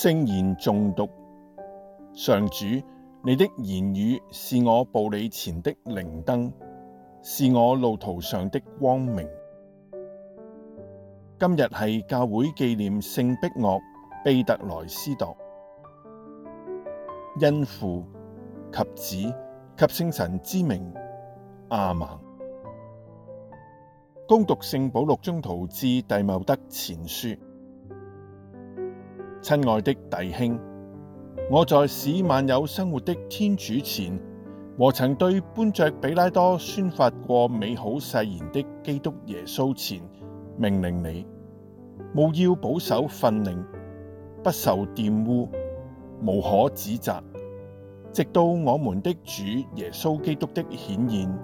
聖言誦讀。上主，你的言語是我步履前的靈燈，是我路途上的光明。今日係教會紀念聖碧岳庇特來司鐸，因父及子及聖神之名亞孟。恭讀聖保祿宗徒致弟茂德前書。親愛的弟兄，我在使萬有生活的天主前，和曾對般雀比拉多宣發過美好誓言的基督耶穌前，命令你：務要保守訓令，不受玷污，無可指摘，直到我們的主耶穌基督的顯現，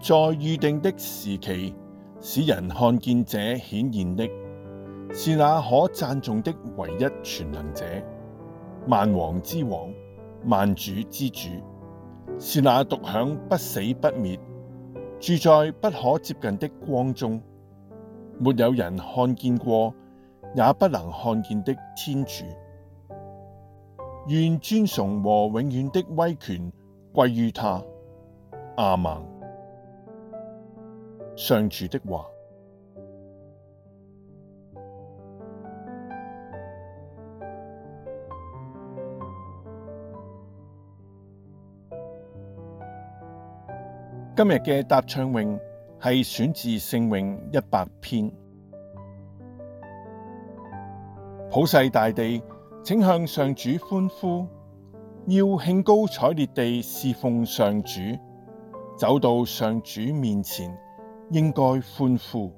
在預定的時期，使人看見這顯現的。是那可讚頌的唯一全能者，萬王之王，萬主之主，是那獨享不死不滅，住在不可接近的光中，沒有人看見過，也不能看見的天主。願尊崇和永遠的威權歸於他。亞孟。上主的話。今日嘅答唱詠係選自聖詠一百篇。普世大地，請向上主歡呼，要興高采烈地事奉上主，走到上主面前，應該歡呼。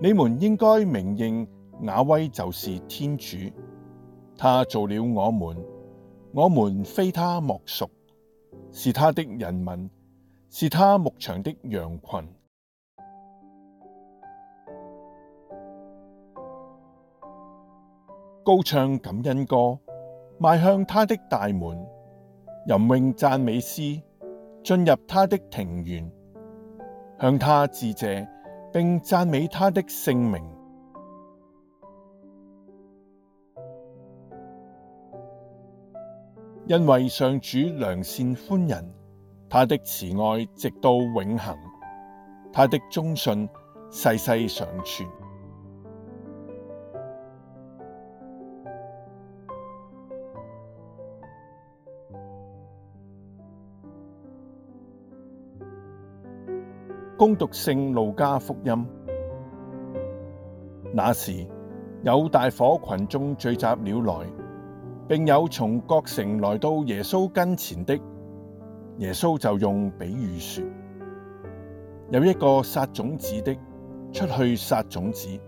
你們應該明認，雅威就是天主。他造了我們，我們非他莫屬，是他的人民，是他牧場的羊群。高唱感恩歌，邁向他的大門，吟詠讚美詩，進入他的庭院，向他致謝，並讚美他的聖名。因為上主良善寬仁，他的慈愛直到永恒，他的忠信世世常存。恭讀聖路加福音，那時有大夥群眾聚集了來。並有從各城來到耶穌跟前的，耶穌就用比喻說：有一個撒種子的出去撒種子，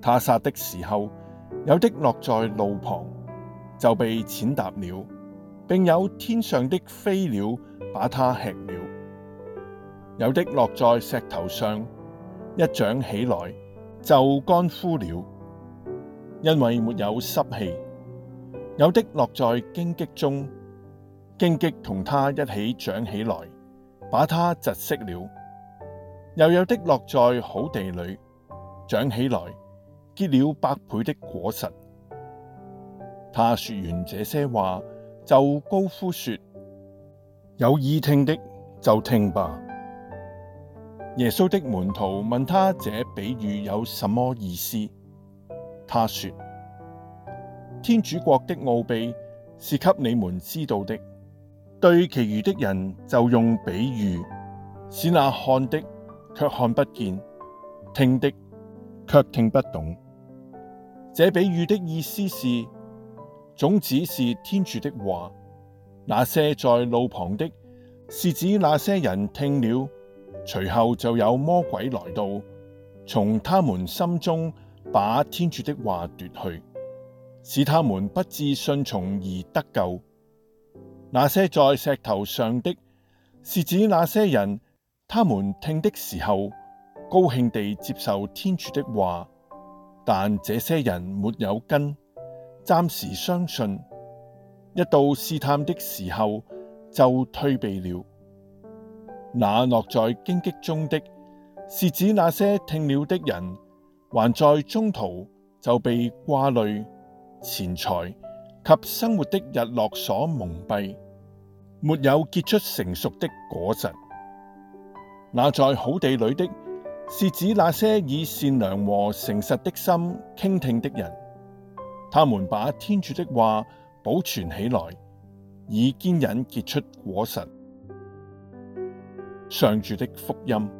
他撒的時候，有的落在路旁，就被踐踏了，並有天上的飛鳥把他吃了；有的落在石頭上，一長起來就乾枯了，因為沒有濕氣。有的落在荊棘中，荊棘同它一起長起來，把它窒息了；又有的落在好地裏，長起來，結了百倍的果實。他說完這些話，就高呼說：有耳聽的就聽吧。耶穌的門徒問他這比喻有什麼意思，他說。天主國的奧秘是給你們知道的，對其餘的人就用比喻，使那看的卻看不見，聽的卻聽不懂。這比喻的意思是，種子是天主的話，那些在路旁的，是指那些人聽了，隨後就有魔鬼來到，從他們心中把天主的話奪去。使他們不至信從而得救。那些在石頭上的，是指那些人，他們聽的時候高興地接受天主的話，但這些人沒有根，暫時相信，一到試探的時候就退避了。那落在荊棘中的，是指那些聽了的人，還在中途就被掛慮、錢財及生活的逸樂所蒙蔽，沒有結出成熟的果實。那在好地裏的，是指那些以善良和誠實的心傾聽的人，他們把天主的話保存起來，以堅忍結出果實。上主的福音。